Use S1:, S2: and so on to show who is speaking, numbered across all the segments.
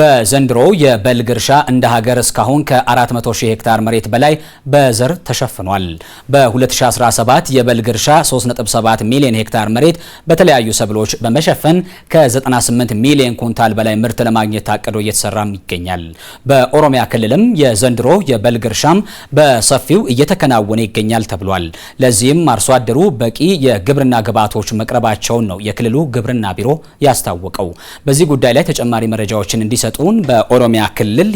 S1: በዘንድሮ የበልግ እርሻ እንደ ሀገር እስካሁን ከ400 ሺህ ሄክታር መሬት በላይ በዘር ተሸፍኗል። በ2017 የበልግ እርሻ 3.7 ሚሊዮን ሄክታር መሬት በተለያዩ ሰብሎች በመሸፈን ከ98 ሚሊዮን ኩንታል በላይ ምርት ለማግኘት ታቅዶ እየተሰራም ይገኛል። በኦሮሚያ ክልልም የዘንድሮ የበልግ እርሻም በሰፊው እየተከናወነ ይገኛል ተብሏል። ለዚህም አርሶ አደሩ በቂ የግብርና ግብዓቶች መቅረባቸውን ነው የክልሉ ግብርና ቢሮ ያስታወቀው። በዚህ ጉዳይ ላይ ተጨማሪ መረጃዎችን እንዲ የሚሰጡን በኦሮሚያ ክልል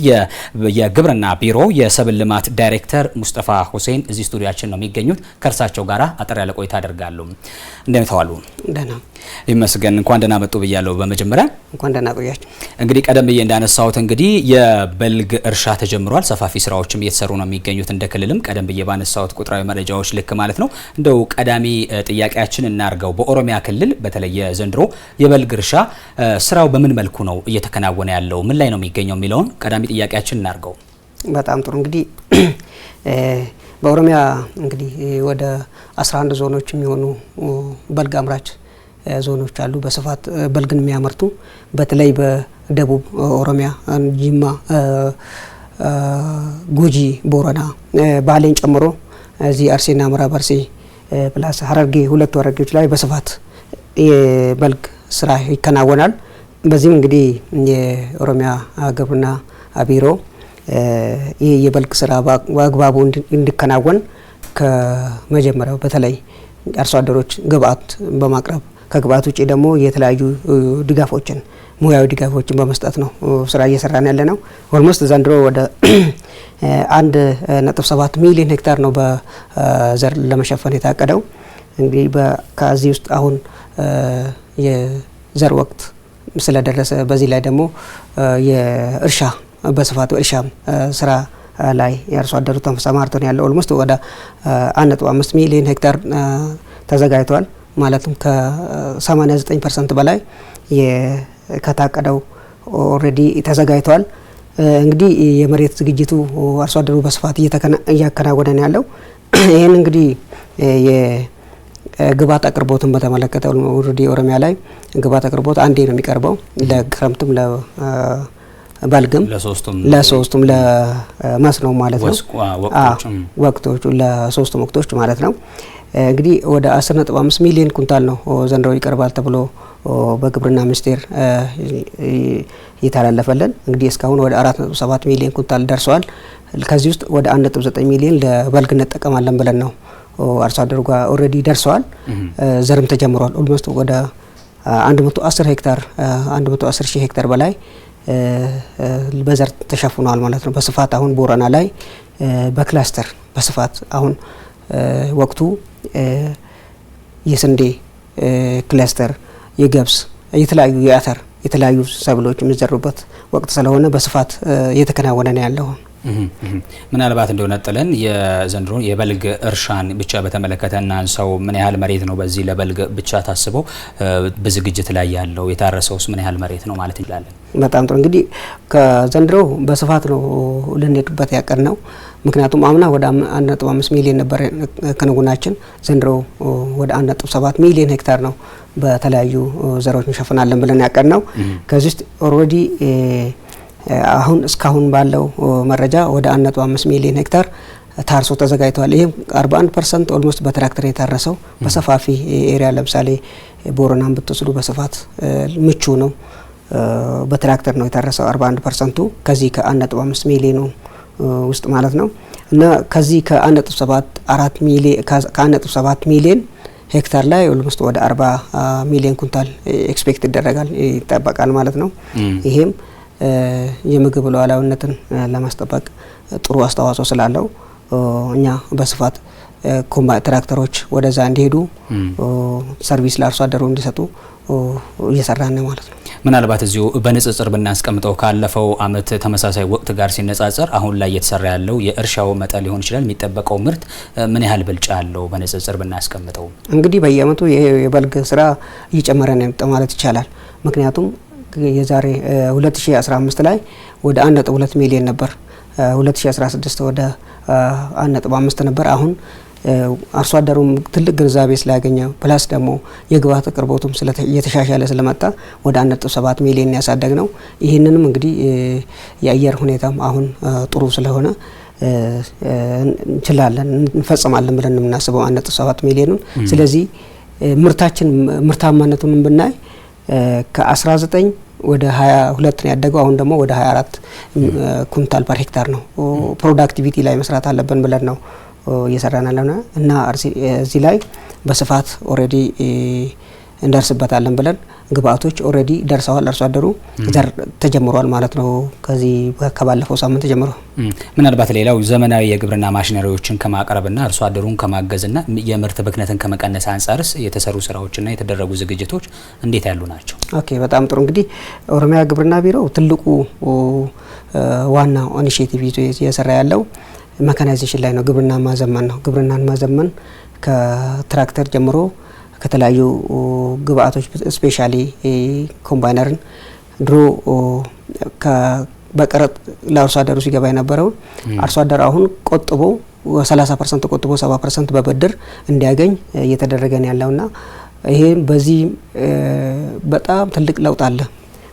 S1: የግብርና ቢሮ የሰብል ልማት ዳይሬክተር ሙስጠፋ ሁሴን እዚህ ስቱዲያችን ነው የሚገኙት። ከእርሳቸው ጋር አጠር ያለ ቆይታ አደርጋሉ። እንደምን ደና ይመስገን። እንኳን ደህና መጡ ብያለሁ። በመጀመሪያ
S2: እንኳን ደህና ቆያችሁ።
S1: እንግዲህ ቀደም ብዬ እንዳነሳሁት እንግዲህ የበልግ እርሻ ተጀምሯል። ሰፋፊ ስራዎችም እየተሰሩ ነው የሚገኙት እንደ ክልልም ቀደም ብዬ ባነሳሁት ቁጥራዊ መረጃዎች ልክ ማለት ነው። እንደው ቀዳሚ ጥያቄያችን እናርገው። በኦሮሚያ ክልል በተለየ ዘንድሮ የበልግ እርሻ ስራው በምን መልኩ ነው እየተከናወነ ያለው? ያለው ምን ላይ ነው የሚገኘው የሚለውን ቀዳሚ ጥያቄያችን እናርገው።
S2: በጣም ጥሩ እንግዲህ በኦሮሚያ እንግዲህ ወደ 11 ዞኖች የሚሆኑ በልግ አምራች ዞኖች አሉ። በስፋት በልግን የሚያመርቱ በተለይ በደቡብ ኦሮሚያ ጂማ፣ ጉጂ፣ ቦረና፣ ባሌን ጨምሮ እዚህ አርሴና ምዕራብ አርሴ ፕላስ ሀረርጌ ሁለት ወረዳዎች ላይ በስፋት የበልግ ስራ ይከናወናል። በዚህም እንግዲህ የኦሮሚያ ግብርና ቢሮ ይህ የበልግ ስራ በአግባቡ እንዲከናወን ከመጀመሪያው በተለይ አርሶ አደሮች ግብአት በማቅረብ ከግብአት ውጭ ደግሞ የተለያዩ ድጋፎችን ሙያዊ ድጋፎችን በመስጠት ነው ስራ እየሰራን ያለ ነው። ኦልሞስት ዘንድሮ ወደ አንድ ነጥብ ሰባት ሚሊዮን ሄክታር ነው በዘር ለመሸፈን የታቀደው። እንግዲህ ከዚህ ውስጥ አሁን የዘር ወቅት ስለደረሰ በዚህ ላይ ደግሞ የእርሻ በስፋት እርሻ ስራ ላይ የአርሶ አደሩ ተሰማርቶ ነው ያለው። ኦልሞስት ወደ 1.5 ሚሊዮን ሄክታር ተዘጋጅቷል። ማለትም ከ89 ፐርሰንት በላይ ከታቀደው ኦልሬዲ ተዘጋጅቷል። እንግዲህ የመሬት ዝግጅቱ አርሶ አደሩ በስፋት እያከናወነ ነው ያለው። ይህን እንግዲህ ግባት አቅርቦትን በተመለከተ ኦልሬዲ ኦሮሚያ ላይ ግባት አቅርቦት አንዴ ነው የሚቀርበው ለክረምትም በልግም ለሶስቱም ለመስኖ ማለት ነው ወቅቶቹ ለሶስቱም ወቅቶች ማለት ነው። እንግዲህ ወደ 10.5 ሚሊዮን ኩንታል ነው ዘንድሮ ይቀርባል ተብሎ በግብርና ሚኒስቴር እየተላለፈልን እንግዲህ እስካሁን ወደ 4.7 ሚሊዮን ኩንታል ደርሰዋል። ከዚህ ውስጥ ወደ 1.9 ሚሊዮን ለበልግ እንጠቀማለን ብለን ነው አርሶ አደሩ ጋር ኦልሬዲ ደርሰዋል። ዘርም ተጀምሯል። ኦልሞስት ወደ 110 ሄክታር 110 ሺህ ሄክታር በላይ በዘር ተሸፍኗል ማለት ነው። በስፋት አሁን ቦረና ላይ በክላስተር በስፋት አሁን ወቅቱ የስንዴ ክላስተር፣ የገብስ፣ የተለያዩ የአተር የተለያዩ ሰብሎች የሚዘሩበት ወቅት ስለሆነ በስፋት እየተከናወነ ነው ያለው።
S1: ምናልባት እንደው ነጥለን የዘንድሮን የበልግ እርሻን ብቻ በተመለከተ እናንሳው። ምን ያህል መሬት ነው በዚህ ለበልግ ብቻ ታስቦ በዝግጅት ላይ ያለው? የታረሰውስ ምን ያህል መሬት ነው ማለት እንችላለን?
S2: በጣም ጥሩ እንግዲህ ከዘንድሮ በስፋት ነው ልንሄድበት ያቀድ ነው። ምክንያቱም አምና ወደ 1.5 ሚሊዮን ነበር ክንውናችን፣ ዘንድሮ ወደ 1.7 ሚሊዮን ሄክታር ነው በተለያዩ ዘሮች እንሸፍናለን ብለን ያቀድ ነው። ከዚህ ውስጥ ኦልሬዲ አሁን እስካሁን ባለው መረጃ ወደ 1.5 ሚሊዮን ሄክታር ታርሶ ተዘጋጅቷል። ይህም 41 ፐርሰንት ኦልሞስት በትራክተር የታረሰው በሰፋፊ ኤሪያ ለምሳሌ ቦረናን ብትወስዱ በስፋት ምቹ ነው። በትራክተር ነው የታረሰው 41 ፐርሰንቱ ከዚህ ከ1.5 ሚሊዮኑ ውስጥ ማለት ነው እና ከዚህ ከ1.7 ሚሊዮን ሄክታር ላይ ኦልሞስት ወደ 40 ሚሊዮን ኩንታል ኤክስፔክት ይደረጋል ይጠበቃል ማለት ነው ይሄም የምግብ ሉዓላዊነትን ለማስጠበቅ ጥሩ አስተዋጽኦ ስላለው እኛ በስፋት ትራክተሮች ወደዛ እንዲሄዱ ሰርቪስ ለአርሶ አደሩ እንዲሰጡ እየሰራ ነው ማለት ነው።
S1: ምናልባት እዚሁ በንጽጽር ብናስቀምጠው ካለፈው አመት ተመሳሳይ ወቅት ጋር ሲነጻጸር አሁን ላይ እየተሰራ ያለው የእርሻው መጠን ሊሆን ይችላል የሚጠበቀው ምርት ምን ያህል ብልጫ አለው? በንጽጽር ብናስቀምጠው
S2: እንግዲህ በየአመቱ የበልግ ስራ እየጨመረ ነው ማለት ይቻላል። ምክንያቱም የዛሬ 2015 ላይ ወደ 1.2 ሚሊዮን ነበር። 2016 ወደ 1.5 ነበር። አሁን አርሶ አደሩም ትልቅ ግንዛቤ ስላገኘ ፕላስ ደግሞ የግብአት አቅርቦቱም እየተሻሻለ ስለመጣ ወደ 1.7 ሚሊዮን ያሳደግ ነው። ይህንንም እንግዲህ የአየር ሁኔታም አሁን ጥሩ ስለሆነ እንችላለን እንፈጽማለን ብለን የምናስበው 1.7 ሚሊዮኑን። ስለዚህ ምርታችን ምርታማነቱንም ብናይ ከ19 ወደ 22 ነው ያደገው። አሁን ደግሞ ወደ 24 ኩንታል ፐር ሄክታር ነው። ፕሮዳክቲቪቲ ላይ መስራት አለብን ብለን ነው እየሰራን እና እዚህ ላይ በስፋት ኦልሬዲ እንደርስበታለን ብለን ግብአቶች ኦልሬዲ ደርሰዋል። አርሶ አደሩ ዘር ተጀምሯል ማለት ነው። ከዚህ ከባለፈው ሳምንት ጀምሮ
S1: ምናልባት ሌላው ዘመናዊ የግብርና ማሽነሪዎችን ከማቅረብና አርሶ አደሩን ከማገዝና የምርት ብክነትን ከመቀነስ አንጻርስ የተሰሩ ስራዎችና የተደረጉ ዝግጅቶች እንዴት ያሉ ናቸው?
S2: ኦኬ በጣም ጥሩ እንግዲህ ኦሮሚያ ግብርና ቢሮ ትልቁ ዋና ኢኒሽቲቭ ይዞ እየሰራ ያለው መካናይዜሽን ላይ ነው። ግብርና ማዘመን ነው። ግብርናን ማዘመን ከትራክተር ጀምሮ ከተለያዩ ግብአቶች ስፔሻሊ ኮምባይነርን ድሮ በቀረጥ ለአርሶ አደሩ ሲገባ የነበረው አርሶ አደር አሁን ቆጥቦ 30 ፐርሰንት ቆጥቦ 70 ፐርሰንት በብድር እንዲያገኝ እየተደረገ ነው ና ይህም በዚህ በጣም ትልቅ ለውጥ አለ።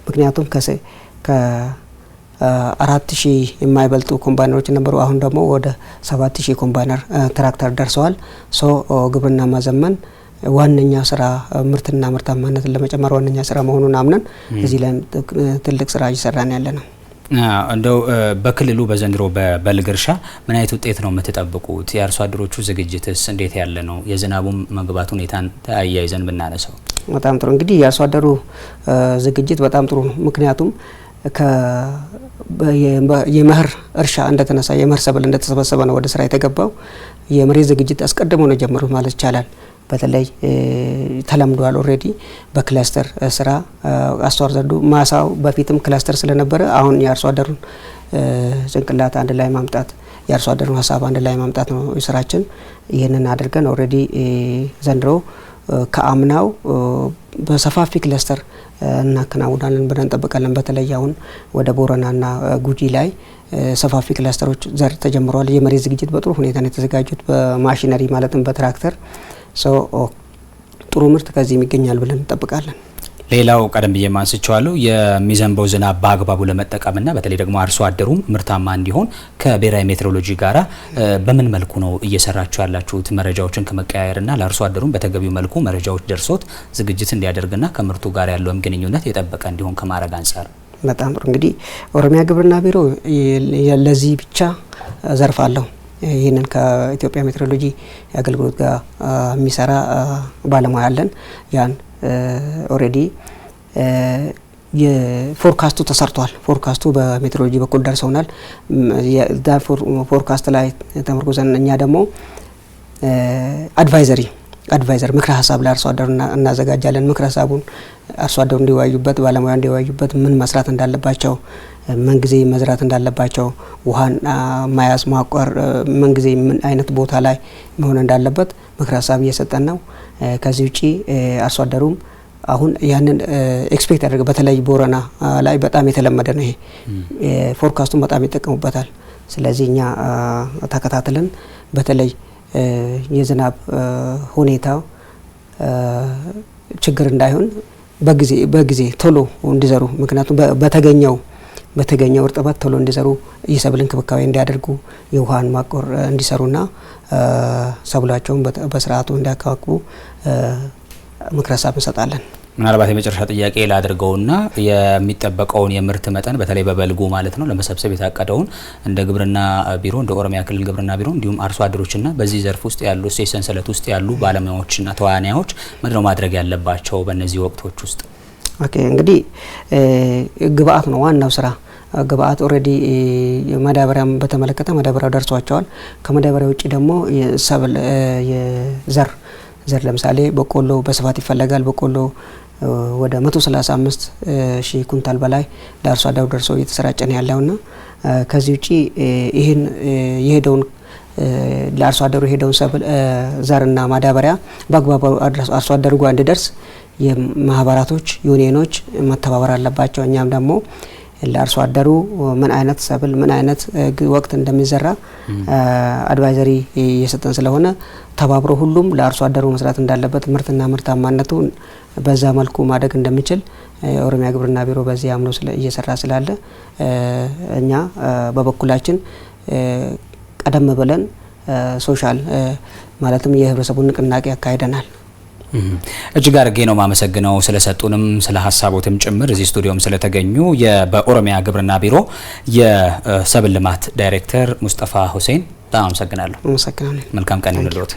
S2: ምክንያቱም ከአራት ሺህ የማይበልጡ ኮምባይነሮች ነበሩ። አሁን ደግሞ ወደ ሰባት ሺህ ኮምባይነር ትራክተር ደርሰዋል። ሶ ግብርና ማዘመን ዋነኛ ስራ ምርትና ምርታማነትን ለመጨመር ዋነኛ ስራ መሆኑን አምነን እዚህ ላይ ትልቅ ስራ እየሰራን ያለ ነው።
S1: እንደው በክልሉ በዘንድሮ በበልግ እርሻ ምን አይነት ውጤት ነው የምትጠብቁት? የአርሶ አደሮቹ ዝግጅትስ እንዴት ያለ ነው? የዝናቡም መግባት ሁኔታን ተያይዘን ብናነሳው።
S2: በጣም ጥሩ። እንግዲህ የአርሶ አደሩ ዝግጅት በጣም ጥሩ ነው። ምክንያቱም የመኸር እርሻ እንደተነሳ የመኸር ሰብል እንደተሰበሰበ ነው ወደ ስራ የተገባው። የመሬት ዝግጅት አስቀድሞ ነው ጀምሩ ማለት ይቻላል። በተለይ ተለምዷል። ኦልሬዲ በክላስተር ስራ አርሶ አደሩ ማሳው በፊትም ክላስተር ስለነበረ አሁን የአርሶ አደሩን ጭንቅላት አንድ ላይ ማምጣት የአርሶ አደሩን ሀሳብ አንድ ላይ ማምጣት ነው ስራችን። ይህንን አድርገን ኦልሬዲ ዘንድሮ ከአምናው በሰፋፊ ክለስተር እናከናውናለን ብለን እንጠብቃለን። በተለይ አሁን ወደ ቦረናና ጉጂ ላይ ሰፋፊ ክለስተሮች ዘር ተጀምረዋል። የመሬት ዝግጅት በጥሩ ሁኔታ ነው የተዘጋጁት፣ በማሽነሪ ማለትም በትራክተር ጥሩ ምርት ከዚህ ይገኛል ብለን እንጠብቃለን።
S1: ሌላው ቀደም ብዬ ማንስቸዋለሁ የሚዘንበው ዝናብ በአግባቡ ለመጠቀምና በተለይ ደግሞ አርሶ አደሩም ምርታማ እንዲሆን ከብሔራዊ ሜትሮሎጂ ጋር በምን መልኩ ነው እየሰራችሁ ያላችሁት? መረጃዎችን ከመቀያየርና ለአርሶ አደሩም በተገቢው መልኩ መረጃዎች ደርሶት ዝግጅት እንዲያደርግና ከምርቱ ጋር ያለውም ግንኙነት የጠበቀ እንዲሆን ከማድረግ አንጻር
S2: በጣም ጥሩ እንግዲህ ኦሮሚያ ግብርና ቢሮ ለዚህ ብቻ ዘርፍ አለው። ይህንን ከኢትዮጵያ ሜትሮሎጂ አገልግሎት ጋር የሚሰራ ባለሙያ አለን። ያን ኦልሬዲ የፎርካስቱ ተሰርቷል። ፎርካስቱ በሜትሮሎጂ በኩል ደርሰውናል። ፎርካስት ላይ ተመርኩዘን እኛ ደግሞ አድቫይዘሪ አድቫይዘር ምክረ ሀሳብ ለአርሶ አደሩ እናዘጋጃለን። ምክረ ሀሳቡን አርሶ አደሩ እንዲወያዩበት፣ ባለሙያ እንዲወያዩበት፣ ምን መስራት እንዳለባቸው፣ ምን ጊዜ መዝራት እንዳለባቸው፣ ውሃን መያዝ ማቆር፣ ምን ጊዜ ምን አይነት ቦታ ላይ መሆን እንዳለበት ምክር ሀሳብ እየሰጠን ነው። ከዚህ ውጪ አርሶ አደሩም አሁን ያንን ኤክስፔክት ያደርገ በተለይ ቦረና ላይ በጣም የተለመደ ነው። ይሄ ፎርካስቱን በጣም ይጠቀሙበታል። ስለዚህ እኛ ተከታትለን በተለይ የዝናብ ሁኔታ ችግር እንዳይሆን በጊዜ በጊዜ ቶሎ እንዲዘሩ ምክንያቱም በተገኘው በተገኘው እርጥበት ቶሎ እንዲዘሩ የሰብል እንክብካቤ እንዲያደርጉ የውሃን ማቆር እንዲሰሩና ሰብላቸውን በስርዓቱ እንዲያከባክቡ ምክረ እንሰጣለን።
S1: ምናልባት የመጨረሻ ጥያቄ ላድርገውና የሚጠበቀውን የምርት መጠን በተለይ በበልጉ ማለት ነው ለመሰብሰብ የታቀደውን እንደ ግብርና ቢሮ እንደ ኦሮሚያ ክልል ግብርና ቢሮ እንዲሁም አርሶ አደሮችና በዚህ ዘርፍ ውስጥ ያሉ እሴት ሰንሰለት ውስጥ ያሉ ባለሙያዎችና ተዋናዮች ነው ማድረግ ያለባቸው በእነዚህ ወቅቶች ውስጥ?
S2: ኦኬ እንግዲህ ግብአት ነው ዋናው ስራ ግብአት ኦልሬዲ ማዳበሪያም በተመለከተ ማዳበሪያው ደርሷቸዋል። ከማዳበሪያ ውጭ ደግሞ የሰብል የዘር ዘር ለምሳሌ በቆሎ በስፋት ይፈለጋል። በቆሎ ወደ 135 ሺህ ኩንታል በላይ ለአርሶ አደሩ ደርሶ እየተሰራጨ ነው ያለውና ከዚህ ውጪ ይህን የሄደውን ለአርሶ አደሩ የሄደውን ሰብል ዘርና ማዳበሪያ በአግባቡ አርሶ አደሩ ጋር እንዲደርስ የማህበራቶች ዩኒየኖች መተባበር አለባቸው። እኛም ደግሞ ለአርሶ አደሩ ምን አይነት ሰብል ምን አይነት ወቅት እንደሚዘራ አድቫይዘሪ እየሰጠን ስለሆነ ተባብሮ ሁሉም ለአርሶ አደሩ መስራት እንዳለበት ምርትና ምርታማነቱ በዛ መልኩ ማደግ እንደሚችል የኦሮሚያ ግብርና ቢሮ በዚህ አምኖ እየሰራ ስላለ እኛ በበኩላችን ቀደም ብለን ሶሻል ማለትም የህብረተሰቡን ንቅናቄ አካሂደናል።
S1: እጅግ አድርጌ ነው ማመሰግነው ስለሰጡንም ስለ ሀሳቦትም ጭምር እዚህ ስቱዲዮም ስለተገኙ በኦሮሚያ ግብርና ቢሮ የሰብል ልማት ዳይሬክተር ሙስጠፋ ሁሴን በጣም አመሰግናለሁ። መልካም ቀን ይሁንልዎት።